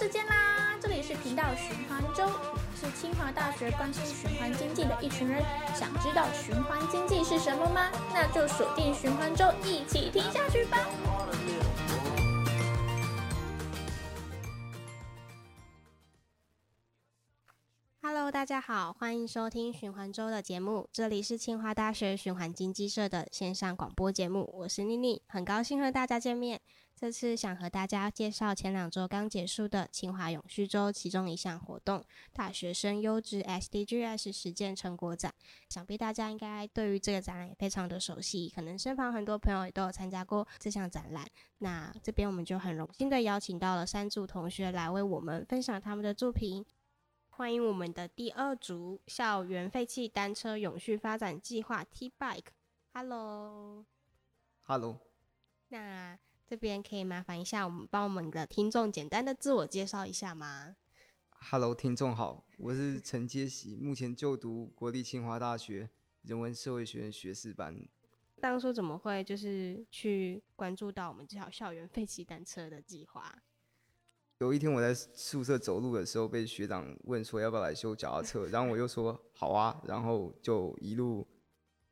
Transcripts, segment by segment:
再見啦！這裡是頻道循環週，我們是清華大學關心循環經濟的一群人。想知道循環經濟是什麼嗎？那就鎖定循環週，一起聽下去吧。Hello，大家好，歡迎收聽循環週的節目，這裡是清華大學循環經濟社的線上廣播節目，我是妮妮，很高興和大家見面。這次想和大家介紹前兩周剛結束的清華永續周其中一項活動——大學生優質 SDGs 實踐成果展。想必大家應該對於這個展覽也非常的熟悉，可能身旁很多朋友也都有參加過這項展覽。那這邊我們就很榮幸的邀請到了三組同學來為我們分享他們的作品。歡迎我們的第二組——校園廢棄單車永續發展計劃 T Bike。Hello，Hello。Hello. 那。這邊可以麻煩一下，我們幫我們的聽眾簡單的自我介紹一下嗎？Hello，聽眾好，我是陳杰喜， 目前就讀國立清華大學人文社會學院學士班。當初怎麼會就是去關注到我們這條校園廢棄單車的計劃？有一天我在宿舍走路的時候，被學長問說要不要來修腳踏車， 然後我又說好啊，然後就一路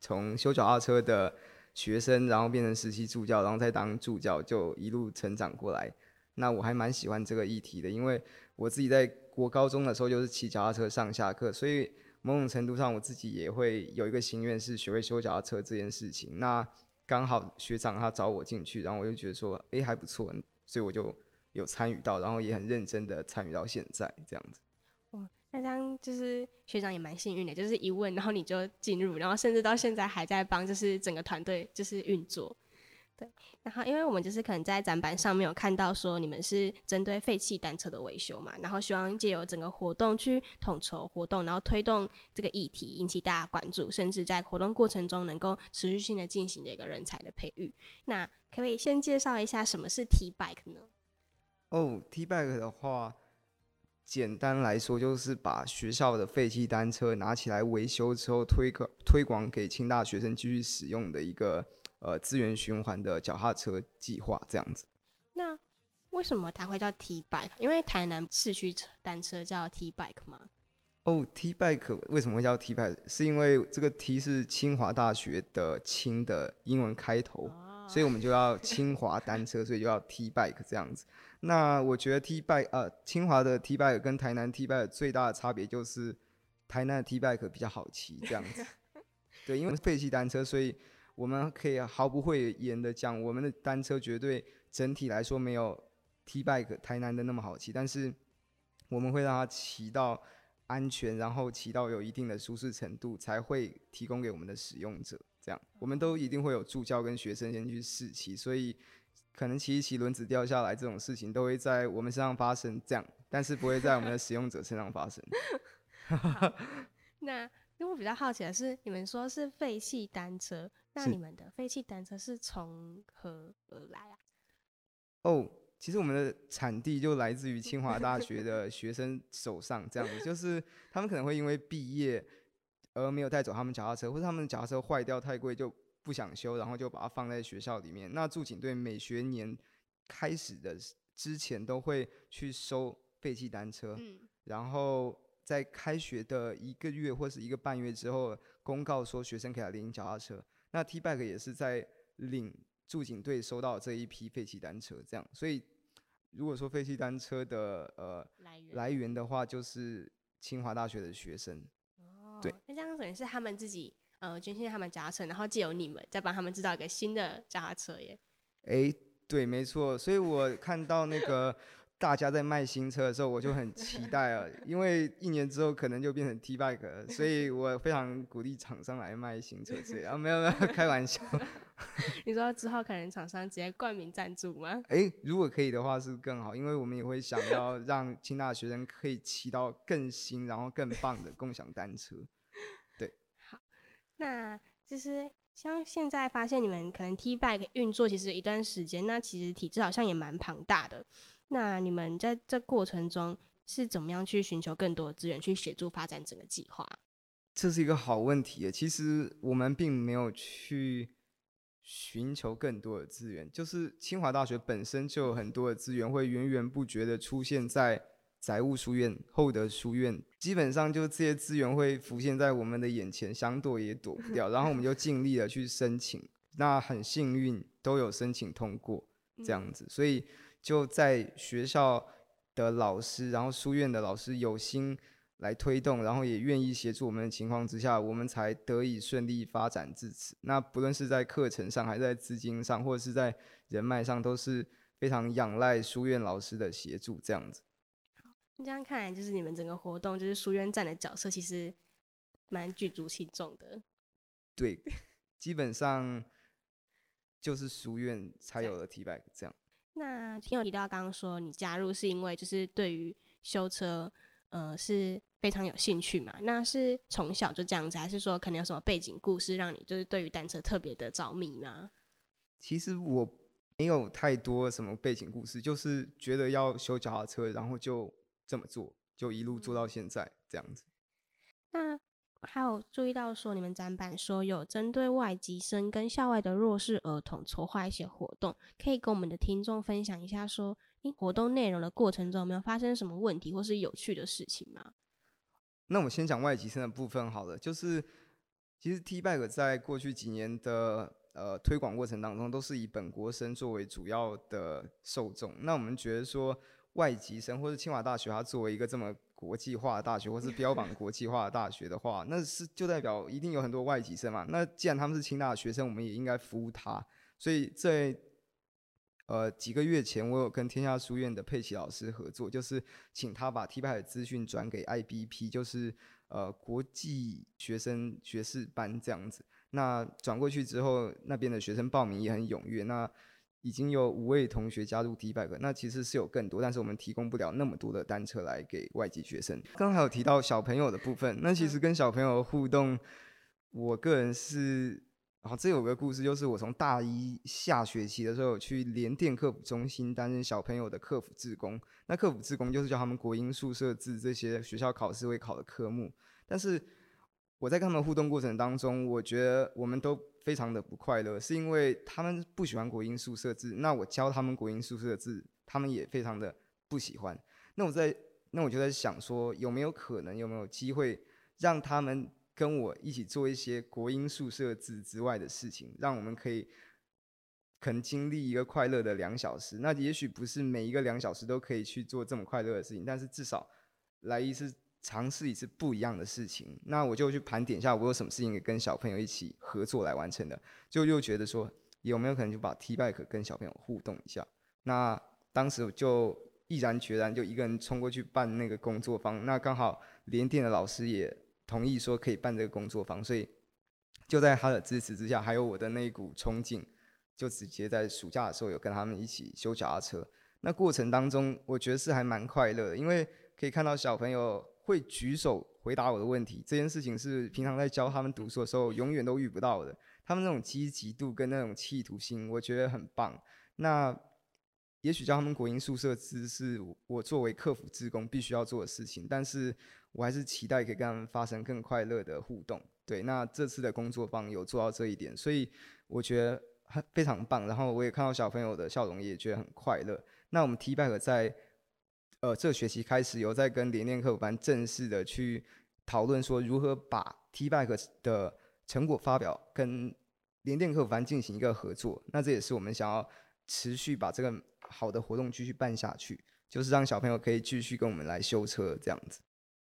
從修腳踏車的。學生，然後變成實習助教，然後再當助教，就一路成長過來。那我還蠻喜歡這個議題的，因為我自己在國高中的時候就是騎腳踏車上下課，所以某種程度上我自己也會有一個心願是學會修腳踏車這件事情。那剛好學長他找我進去，然後我就覺得說，誒，還不錯，所以我就有參與到，然後也很認真的參與到現在這樣子。那這樣就是學長也蠻幸運的，就是一問，然後你就進入，然後甚至到現在還在幫，就是整個團隊就是運作。對，然後因為我們就是可能在展板上沒有看到說你們是針對廢棄單車的維修嘛，然後希望借由整個活動去統籌活動，然後推動這個議題，引起大家關注，甚至在活動過程中能夠持續性的進行這個人才的培育。那可不可以先介紹一下什麼是 T Bike 呢？哦，T Bike 的話，簡單來說，就是把學校的廢棄單車拿起來維修之後，推個推廣給清大學生繼續使用的一個呃資源循環的腳踏車計劃，這樣子。那為什麼它會叫 T Bike？因為台南市區車單車叫 T Bike 嗎？哦，oh，T Bike 為什麼會叫 T Bike？是因為這個 T 是清華大學的清的英文開頭，oh. 所以我們就要清華單車， 所以就要 T Bike 這樣子。那我覺得 T bike 呃清華的 T bike 跟台南 T bike 最大的差別就是，台南的 T bike 比較好騎這樣子， 對，因為我們是廢棄單車，所以我們可以毫不諱言的講，我們的單車絕對整體來說沒有 T bike 台南的那麼好騎，但是我們會讓它騎到安全，然後騎到有一定的舒適程度才會提供給我們的使用者。這樣，我們都一定會有助教跟學生先去試騎，所以。可能騎一騎輪子掉下來這種事情都會在我們身上發生，這樣，但是不會在我們的使用者身上發生。 那因為我比較好奇的是，你們說是廢棄單車，那你們的廢棄單車是從何而來啊？哦，oh, 其實我們的產地就來自於清華大學的學生手上，這樣子， 就是他們可能會因為畢業而沒有帶走他們腳踏車，或是他們的腳踏車壞掉太貴就。不想修，然後就把它放在學校裡面。那駐警隊每學年開始的之前都會去收廢棄單車，嗯，然後在開學的一個月或是一個半月之後，公告說學生可以來領腳踏車。那 Tbike 也是在領駐警隊收到這一批廢棄單車，這樣。所以如果說廢棄單車的呃來源，來源的話，就是清華大學的學生。哦，對，那這樣可能是他們自己。呃，捐獻他們腳踏車，然後借由你們再幫他們製造一個新的腳踏車耶、欸。對，沒錯。所以我看到那個大家在賣新車的時候， 我就很期待啊，因為一年之後可能就變成 T bike 了，所以我非常鼓勵廠商來賣新車。然後、啊、沒有沒有，開玩笑。 你知道之後可能廠商直接冠名贊助嗎？哎、欸，如果可以的話是更好，因為我們也會想要讓清大的學生可以騎到更新然後更棒的共享單車。那就是像現在發現你們可能 Tbike 運作其實一段時間，那其實體制好像也蠻龐大的。那你們在這過程中是怎麼樣去尋求更多的資源去協助發展整個計劃？這是一個好問題耶。其實我們並沒有去尋求更多的資源，就是清華大學本身就有很多的資源會源源不絕的出現在載物書院、厚德書院，基本上就這些資源會浮現在我們的眼前，想躲也躲不掉。然後我們就盡力的去申請， 那很幸運都有申請通過，這樣子、嗯。所以就在學校的老師，然後書院的老師有心來推動，然後也願意協助我們的情況之下，我們才得以順利發展至此。那不論是在課程上，還是在資金上，或者是在人脈上，都是非常仰賴書院老師的協助，這樣子。這樣看來，就是你們整個活動，就是書院站的角色，其實蠻舉足輕重的。對，基本上就是書院才有的 Tbike 這樣。那聽我提到剛剛說你加入是因為就是對於修車，呃，是非常有興趣嘛？那是從小就這樣子，還是說可能有什麼背景故事讓你就是對於單車特別的着迷呢？其實我沒有太多什麼背景故事，就是覺得要修腳踏車，然後就。這麼做，就一路做到現在這樣子。嗯、那還有注意到說，你們展板說有針對外籍生跟校外的弱勢兒童籌劃一些活動，可以跟我們的聽眾分享一下說，說你活動內容的過程中有沒有發生什麼問題或是有趣的事情嗎？那我們先講外籍生的部分好了，就是其實 Tbike 在過去幾年的呃推廣過程當中，都是以本國生作為主要的受眾。那我們覺得說。外籍生或是清華大學，他作為一個這麼國際化的大學，或是標榜國際化的大學的話，那是就代表一定有很多外籍生嘛。那既然他們是清大的學生，我們也應該服務他。所以在呃幾個月前，我有跟天下書院的佩奇老師合作，就是請他把 TPI 的資訊轉給 IBP，就是呃國際學生學士班這樣子。那轉過去之後，那邊的學生報名也很踴躍。那已經有五位同學加入 Tbike 了，那其實是有更多，但是我們提供不了那麼多的單車來給外籍學生。剛剛還有提到小朋友的部分，那其實跟小朋友的互動，我個人是，啊、哦，這有一個故事，就是我從大一下學期的時候去聯電課輔中心擔任小朋友的課輔志工，那課輔志工就是叫他們國英數社自這些學校考試會考的科目，但是我在跟他們互動過程當中，我覺得我們都。非常的不快樂，是因為他們不喜歡國音宿舍制。那我教他們國音宿舍制，他們也非常的不喜歡。那我在，那我就在想說，有沒有可能，有沒有機會，讓他們跟我一起做一些國音宿舍制之外的事情，讓我們可以可能經歷一個快樂的兩小時。那也許不是每一個兩小時都可以去做這麼快樂的事情，但是至少來一次。嘗試一次不一樣的事情，那我就去盤點一下我有什麼事情跟小朋友一起合作來完成的，就又覺得說有沒有可能就把 Tbike 跟小朋友互動一下。那當時我就毅然決然就一個人衝過去辦那個工作坊，那剛好聯電的老師也同意說可以辦這個工作坊，所以就在他的支持之下，還有我的那一股衝勁，就直接在暑假的時候有跟他們一起修腳踏車。那過程當中我覺得是還蠻快樂的，因為可以看到小朋友。會舉手回答我的問題，這件事情是平常在教他們讀書的時候永遠都遇不到的。他們那種積極度跟那種企圖心，我覺得很棒。那也許教他們國英數社只是我作為客服志工必須要做的事情，但是我還是期待可以跟他們發生更快樂的互動。對，那這次的工作坊有做到這一點，所以我覺得非常棒。然後我也看到小朋友的笑容，也覺得很快樂。那我們 Tbike 在呃，這學期開始有在跟聯電科普班正式的去討論說，如何把 Tbike 的成果發表跟聯電科普班進行一個合作。那這也是我們想要持續把這個好的活動繼續辦下去，就是讓小朋友可以繼續跟我們來修車這樣子。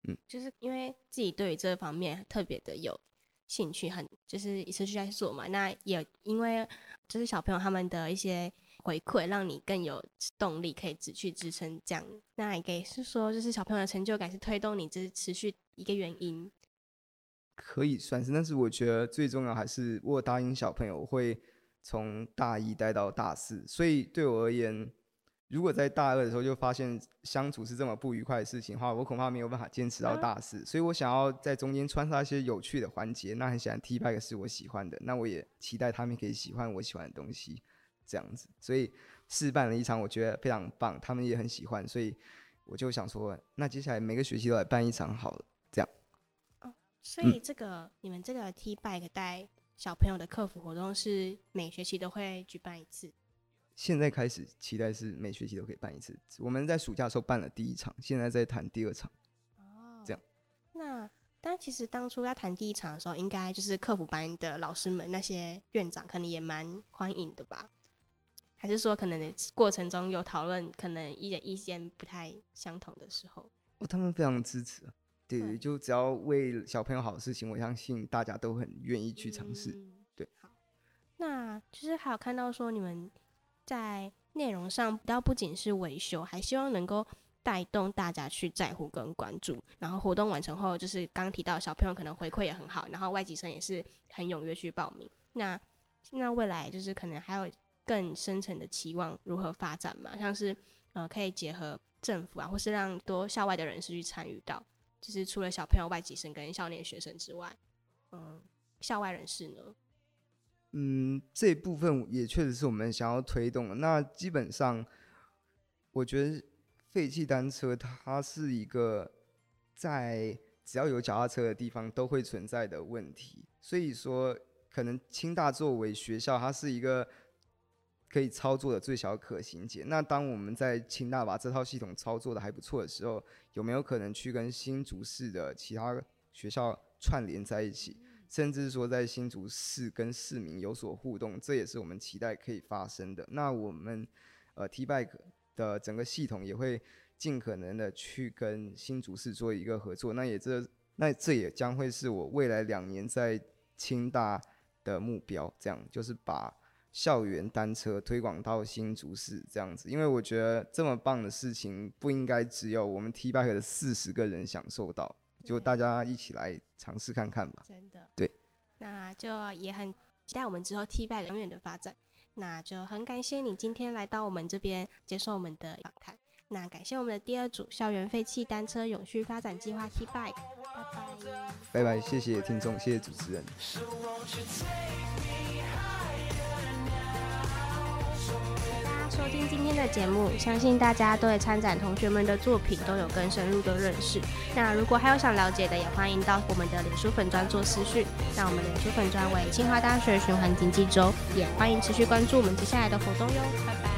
嗯，就是因為自己對於這方面特別的有興趣，很就是一直就在做嘛。那也因為就是小朋友他們的一些。回饋讓你更有動力，可以只去支撐這樣。那也可以是說，就是小朋友的成就感是推動你這是持續一個原因。可以算是，但是我覺得最重要還是我答應小朋友會從大一帶到大四，所以對我而言，如果在大二的時候就發現相處是這麼不愉快的事情的話，我恐怕沒有辦法堅持到大四，嗯。所以我想要在中間穿插一些有趣的環節。那很顯然 Tbike 是我喜歡的，那我也期待他們可以喜歡我喜歡的東西。這樣子，所以試辦了一場，我覺得非常棒，他們也很喜歡，所以我就想說，那接下來每個學期都來辦一場好了，這樣。哦，所以這個、嗯、你們這個 T Bike 帶小朋友的科普活動是每學期都會舉辦一次？現在開始期待是每學期都可以辦一次。我們在暑假的時候辦了第一場，現在在談第二場。哦，這樣。那但其實當初要談第一場的時候，應該就是科普班的老師們那些院長，可能也蠻歡迎的吧。還是說，可能過程中有討論，可能意見意見不太相同的時候，哦，他們非常支持對、嗯、就只要為小朋友好的事情，我相信大家都很願意去嘗試、嗯，對。好，那其實、就是、還有看到說，你們在內容上，倒不僅是維修，還希望能夠帶動大家去在乎跟關注。然後活動完成後，就是剛提到小朋友可能回饋也很好，然後外籍生也是很踴躍去報名。那那未來就是可能還有。更深層的期望如何發展嘛，像是，呃，可以結合政府啊，或是讓多校外的人士去參與到，就是除了小朋友、外籍生跟校內學生之外，嗯，校外人士呢？嗯，這部分也確實是我們想要推動的。那基本上，我覺得廢棄單車它是一個在只要有腳踏車的地方都會存在的問題，所以說可能清大作為學校，它是一個。可以操作的最小可行解。那當我們在清大把這套系統操作的還不錯的時候，有沒有可能去跟新竹市的其他學校串聯在一起，甚至說在新竹市跟市民有所互動？這也是我們期待可以發生的。那我們呃 T-Bike 的整個系統也會盡可能的去跟新竹市做一個合作。那也這那這也將會是我未來兩年在清大的目標，這樣就是把。校園單車推廣到新竹市這樣子，因為我覺得這麼棒的事情不應該只有我們 T Bike 的四十個人享受到，就大家一起來嘗試看看吧。真的，對，那就也很期待我們之後 T Bike 永遠的發展。那就很感謝你今天來到我們這邊接受我們的訪談。那感謝我們的第二組校園廢棄單車永續發展計劃 T Bike Bye-bye。拜拜，謝謝聽眾，謝謝主持人。收聽今天的節目，相信大家對參展同學們的作品都有更深入的認識。那如果還有想了解的，也歡迎到我們的臉書粉專做私訊。那我們臉書粉專為清華大學循環經濟週，也歡迎持續關注我們接下來的活動喲。拜拜。